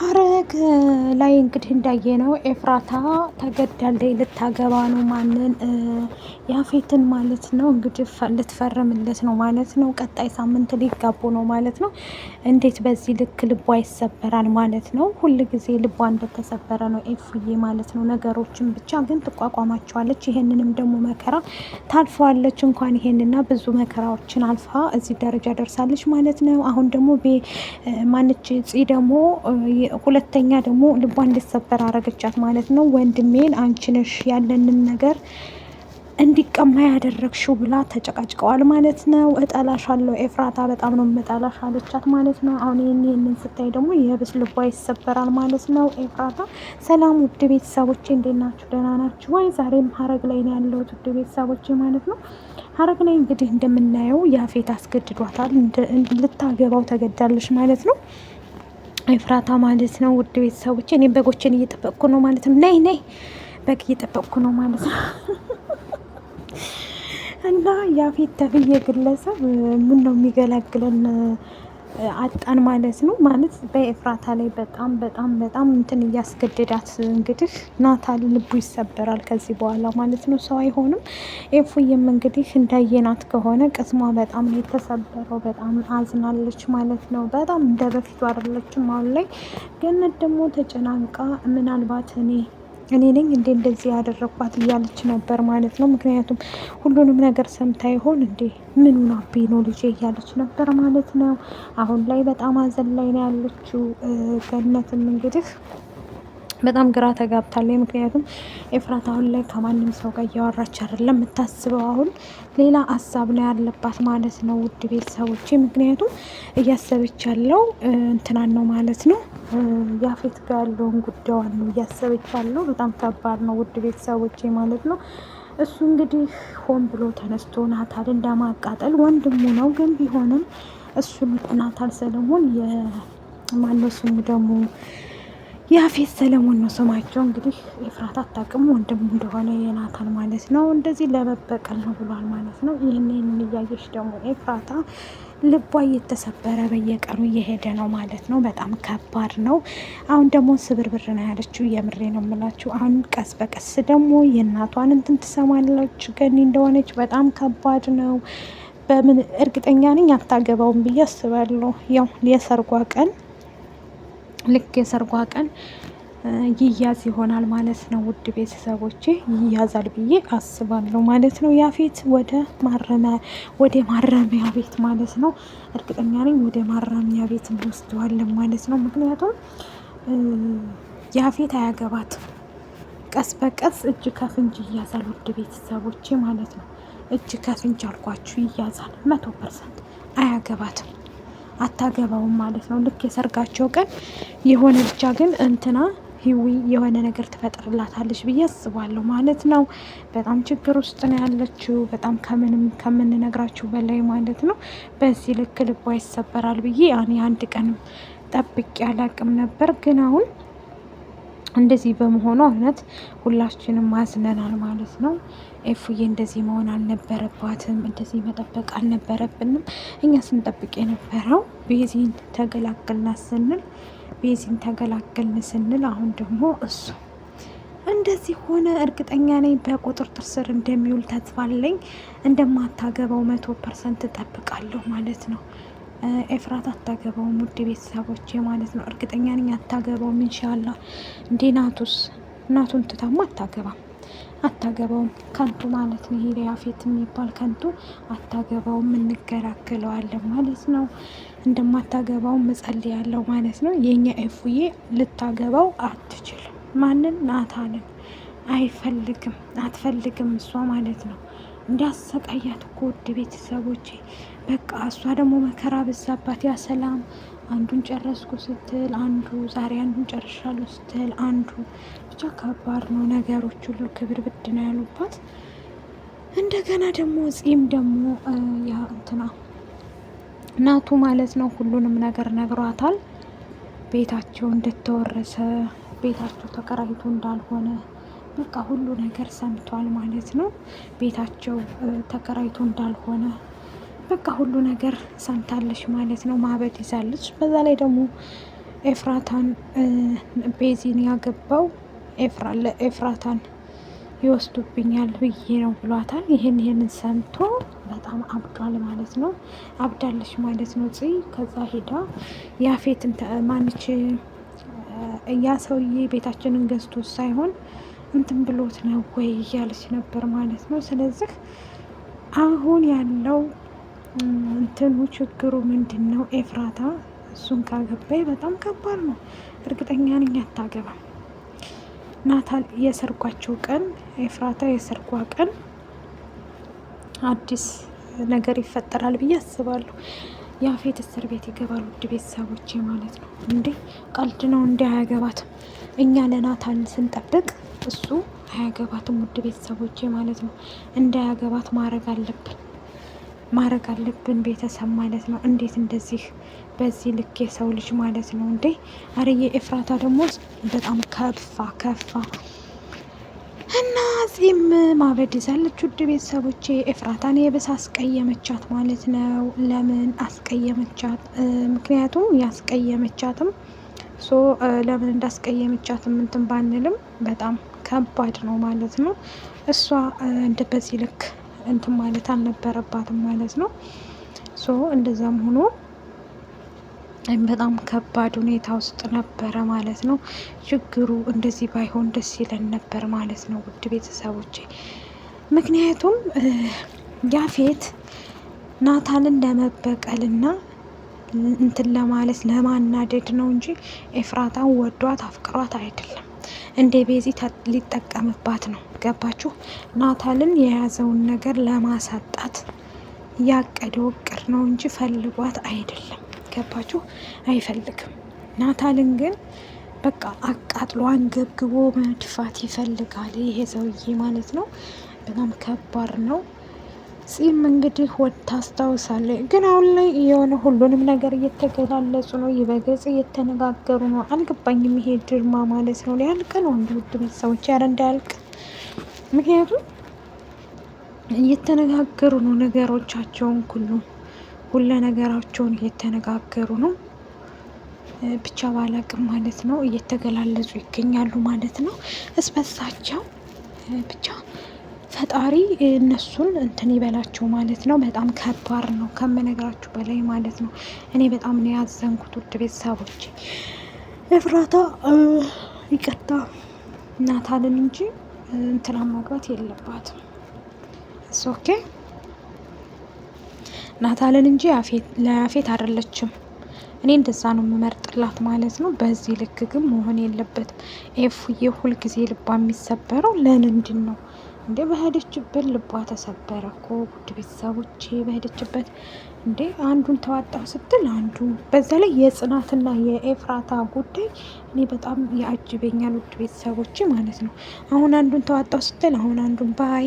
ሐረግ ላይ እንግዲህ ነው ኤፍራታ ተገዳለች። ልታገባ ነው ማንን? ያፌትን ማለት ነው። እንግዲህ ልትፈርምለት ነው ማለት ነው። ቀጣይ ሳምንት ሊጋቡ ነው ማለት ነው። እንዴት በዚህ ልክ ልቧ ይሰበራል ማለት ነው። ሁል ጊዜ ልቧ እንደተሰበረ ነው ኤፍዬ ማለት ነው። ነገሮችን ብቻ ግን ትቋቋማቸዋለች። ይሄንንም ደግሞ መከራ ታልፈዋለች። እንኳን ይሄንና ብዙ መከራዎችን አልፋ እዚህ ደረጃ ደርሳለች ማለት ነው። አሁን ደግሞ ማንች ጽ ደግሞ ሁለተኛ ደግሞ ልቧ እንድትሰበር አረገቻት ማለት ነው። ወንድሜን አንቺ ነሽ ያለንን ነገር እንዲቀማ ያደረግሽው ብላ ተጨቃጭቀዋል ማለት ነው። እጠላሻለሁ ኤፍራታ በጣም ነው የምጠላሽ አለቻት ማለት ነው። አሁን ይህን ይህንን ስታይ ደግሞ የብስ ልቧ ይሰበራል ማለት ነው። ኤፍራታ ሰላም ውድ ቤተሰቦቼ እንዴት ናችሁ? ደህና ናችሁ ወይ? ዛሬም ሀረግ ላይ ነው ያለሁት ውድ ቤተሰቦቼ ማለት ነው። ሀረግ ላይ እንግዲህ እንደምናየው ያፌት አስገድዷታል፣ ልታገባው ተገዳለች ማለት ነው። ኤፍራታ ማለት ነው። ውድ ቤተሰቦች እኔም በጎችን እየጠበቅኩ ነው ማለት ነው። ነይ ነይ በግ እየጠበቅኩ ነው ማለት ነው። እና ያፌት ተብዬ ግለሰብ ምን ነው የሚገላግለን አጣን ማለት ነው። ማለት በኤፍራታ ላይ በጣም በጣም በጣም እንትን እያስገደዳት እንግዲህ ናታል ልቡ ይሰበራል ከዚህ በኋላ ማለት ነው። ሰው አይሆንም። ኤፉዬም እንግዲህ እንዳየናት ከሆነ ቅስሟ በጣም የተሰበረው በጣም አዝናለች ማለት ነው። በጣም እንደ በፊቱ አይደለችም። አሁን ላይ ገነት ደግሞ ተጨናንቃ ምናልባት እኔ እኔ ነኝ እንዴ እንደዚህ ያደረግኳት እያለች ነበር ማለት ነው። ምክንያቱም ሁሉንም ነገር ሰምታ ይሆን እንዴ ምን አቤ ነው ልጄ እያለች ነበር ማለት ነው። አሁን ላይ በጣም አዘን ላይ ነው ያለችው። ገነትም እንግዲህ በጣም ግራ ተጋብታለች። ምክንያቱም ኤፍራት አሁን ላይ ከማንም ሰው ጋር እያወራች አይደለም። የምታስበው አሁን ሌላ ሀሳብ ነው ያለባት ማለት ነው፣ ውድ ቤተሰቦች፣ ምክንያቱም እያሰበች ያለው እንትናን ነው ማለት ነው፣ ያፌት ጋር ያለውን ጉዳዩን ነው እያሰበች ያለው። በጣም ከባድ ነው ውድ ቤተሰቦች ማለት ነው። እሱ እንግዲህ ሆን ብሎ ተነስቶ ናታል እንደማቃጠል ወንድሙ ነው፣ ግን ቢሆንም እሱ ናታል ሰለሞን የማነሱም ደግሞ ያፌት ሰለሞን ነው ስማቸው። እንግዲህ ኤፍራት አታውቅም ወንድም እንደሆነ የናታን ማለት ነው። እንደዚህ ለመበቀል ነው ብሏል ማለት ነው። ይህንን እያየች ደግሞ ኤፍራታ ልቧ እየተሰበረ በየቀኑ እየሄደ ነው ማለት ነው። በጣም ከባድ ነው። አሁን ደግሞ ስብርብር ነው ያለችው። የምሬ ነው የምላችሁ። አሁን ቀስ በቀስ ደግሞ የእናቷን እንትን ትሰማለች፣ ገኒ እንደሆነች በጣም ከባድ ነው። በምን እርግጠኛ ነኝ አታገባውም ብዬ አስባለሁ። ያው የሰርጓ ቀን ልክ የሰርጓ ቀን ይያዝ ይሆናል ማለት ነው። ውድ ቤተሰቦች ይያዛል ብዬ አስባለሁ ማለት ነው። ያፌት ወደ ማረሚያ ወደ ማረሚያ ቤት ማለት ነው። እርግጠኛ ነኝ ወደ ማረሚያ ቤት እንወስደዋለን ማለት ነው። ምክንያቱም ያፌት አያገባትም። ቀስ በቀስ እጅ ከፍንጅ ይያዛል ውድ ቤተሰቦች ማለት ነው። እጅ ከፍንጅ አልኳችሁ ይያዛል። መቶ ፐርሰንት አያገባትም። አታገባውም ማለት ነው። ልክ የሰርጋቸው ቀን የሆነ ብቻ ግን እንትና ህዊ የሆነ ነገር ትፈጥርላታለች ብዬ አስባለሁ ማለት ነው። በጣም ችግር ውስጥ ነው ያለችው፣ በጣም ከምንም ከምንነግራችሁ በላይ ማለት ነው። በዚህ ልክ ልቧ ይሰበራል ብዬ ያኔ አንድ ቀንም ጠብቄ አላቅም ነበር ግን አሁን እንደዚህ በመሆኑ እውነት ሁላችንም አዝነናል ማለት ነው። ኤፉዬ እንደዚህ መሆን አልነበረባትም፣ እንደዚህ መጠበቅ አልነበረብንም። እኛ ስንጠብቅ የነበረው ቤዚን ተገላገልና ስንል ቤዚን ተገላገልን ስንል አሁን ደግሞ እሱ እንደዚህ ሆነ። እርግጠኛ ነኝ በቁጥጥር ስር እንደሚውል ተስፋ አለኝ። እንደማታገባው መቶ ፐርሰንት እጠብቃለሁ ማለት ነው። ኤፍራት አታገባውም፣ ውድ ቤተሰቦች ማለት ነው። እርግጠኛ ነኝ አታገባውም። እንሻላ እንዴ ናቱስ እናቱን ትታማ አታገባም፣ አታገባውም። ከንቱ ማለት ነው። ይሄ ያፌት የሚባል ከንቱ አታገባውም፣ እንገላገለዋለን ማለት ነው። እንደማታገባውም መጸል ያለው ማለት ነው። የእኛ ኤፉዬ ልታገባው አትችልም። ማንን? ናታንን አይፈልግም፣ አትፈልግም እሷ ማለት ነው። እንዲያሰቃያት እኮ ውድ ቤተሰቦቼ በቃ እሷ ደግሞ መከራ በዛባት። ያ ሰላም አንዱን ጨረስኩ ስትል አንዱ ዛሬ አንዱን ጨርሻለሁ ስትል አንዱ ብቻ ከባድ ነው ነገሮች ሁሉ ክብር ብድ ነው ያሉባት። እንደገና ደግሞ ጺም ደግሞ ያ እንትና እናቱ ማለት ነው ሁሉንም ነገር ነግሯታል። ቤታቸው እንደተወረሰ ቤታቸው ተከራይቶ እንዳልሆነ በቃ ሁሉ ነገር ሰምቷል ማለት ነው። ቤታቸው ተከራይቶ እንዳልሆነ በቃ ሁሉ ነገር ሰምታለች ማለት ነው። ማህበት ይዛለች። በዛ ላይ ደግሞ ኤፍራታን ቤዚን ያገባው ኤፍራታን ይወስዱብኛል ብዬ ነው ብሏታል። ይህን ይህንን ሰምቶ በጣም አብዷል ማለት ነው። አብዳለች ማለት ነው። ጽ ከዛ ሄዳ ያፌትን ማንች እያ ሰውዬ ቤታችንን ገዝቶ ሳይሆን እንትን ብሎት ነው ወይ እያለች ነበር ማለት ነው። ስለዚህ አሁን ያለው እንትኑ ችግሩ ምንድን ነው? ኤፍራታ እሱን ካገባይ በጣም ከባድ ነው። እርግጠኛ ነኝ አታገባም። ናታል የሰርጓቸው ቀን ኤፍራታ የሰርጓ ቀን አዲስ ነገር ይፈጠራል ብዬ አስባለሁ። ያፌት እስር ቤት ይገባል። ውድ ቤተሰቦቼ ማለት ነው እንዴ ቀልድ ነው እንዲ አያገባትም። እኛ ለናታል ስንጠብቅ እሱ አያገባትም። ውድ ቤተሰቦቼ ማለት ነው እንዳያገባት ማድረግ አለብን። ማድረግ አለብን ቤተሰብ ማለት ነው። እንዴት እንደዚህ በዚህ ልክ የሰው ልጅ ማለት ነው እንዴ! አረ የኤፍራታ ደግሞ በጣም ከፋ ከፋ እና እዚህም ማበድ ይዛለች። ውድ ቤተሰቦቼ ኤፍራታን የበስ አስቀየመቻት ማለት ነው። ለምን አስቀየመቻት? ምክንያቱም ያስቀየመቻትም ሶ ለምን እንዳስቀየመቻት እንትን ባንልም በጣም ከባድ ነው ማለት ነው። እሷ እንደ በዚህ ልክ እንትን ማለት አልነበረባትም ማለት ነው። ሶ እንደዛም ሆኖ በጣም ከባድ ሁኔታ ውስጥ ነበረ ማለት ነው። ችግሩ እንደዚህ ባይሆን ደስ ይለን ነበር ማለት ነው፣ ውድ ቤተሰቦቼ። ምክንያቱም ያፌት ናታንን ለመበቀልና እንትን ለማለት ለማናደድ ነው እንጂ ኤፍራታን ወዷት አፍቅሯት አይደለም። እንደ ቤዚ ሊጠቀምባት ነው። ገባችሁ? ናታልን የያዘውን ነገር ለማሳጣት ያቀደው እቅድ ነው እንጂ ፈልጓት አይደለም። ገባችሁ? አይፈልግም። ናታልን ግን በቃ አቃጥሎ አንገብግቦ መድፋት ይፈልጋል ይሄ ሰውዬ ማለት ነው። በጣም ከባድ ነው። ጺም እንግዲህ ወድ ታስታውሳለች። ግን አሁን ላይ የሆነ ሁሉንም ነገር እየተገላለጹ ነው፣ ይበገጽ እየተነጋገሩ ነው። አልገባኝም፣ ይሄ ድርማ ማለት ነው ሊያልቅ ነው እንዲ ውድ ቤተሰቦች፣ ያረ እንዳያልቅ ምክንያቱም እየተነጋገሩ ነው ነገሮቻቸውን ሁሉ ሁለ ነገራቸውን እየተነጋገሩ ነው። ብቻ ባላቅም ማለት ነው እየተገላለጹ ይገኛሉ ማለት ነው። እስበሳቸው ብቻ ፈጣሪ እነሱን እንትን ይበላቸው ማለት ነው። በጣም ከባድ ነው ከምነግራችሁ በላይ ማለት ነው። እኔ በጣም ነው ያዘንኩት ውድ ቤተሰቦች። እፍራታ ይቅርታ ናታልን እንጂ እንትናን ማግባት የለባትም። ኦኬ ናታልን እንጂ ለያፌት አይደለችም። እኔ እንደዛ ነው የምመርጥላት ማለት ነው። በዚህ ልክ ግን መሆን የለበትም። ኤፉዬ ሁልጊዜ ልባ የሚሰበረው ለምንድን ነው? እንዴ በሄደችበት ልቧ ተሰበረ እኮ ውድ ቤተሰቦቼ። በሄደችበት እንዴ አንዱን ተዋጣው ስትል አንዱ በዛ ላይ የጽናትና የኤፍራታ ጉዳይ እኔ በጣም ያጅበኛል ውድ ቤተሰቦቼ ማለት ነው። አሁን አንዱን ተዋጣው ስትል አሁን አንዱን ባይ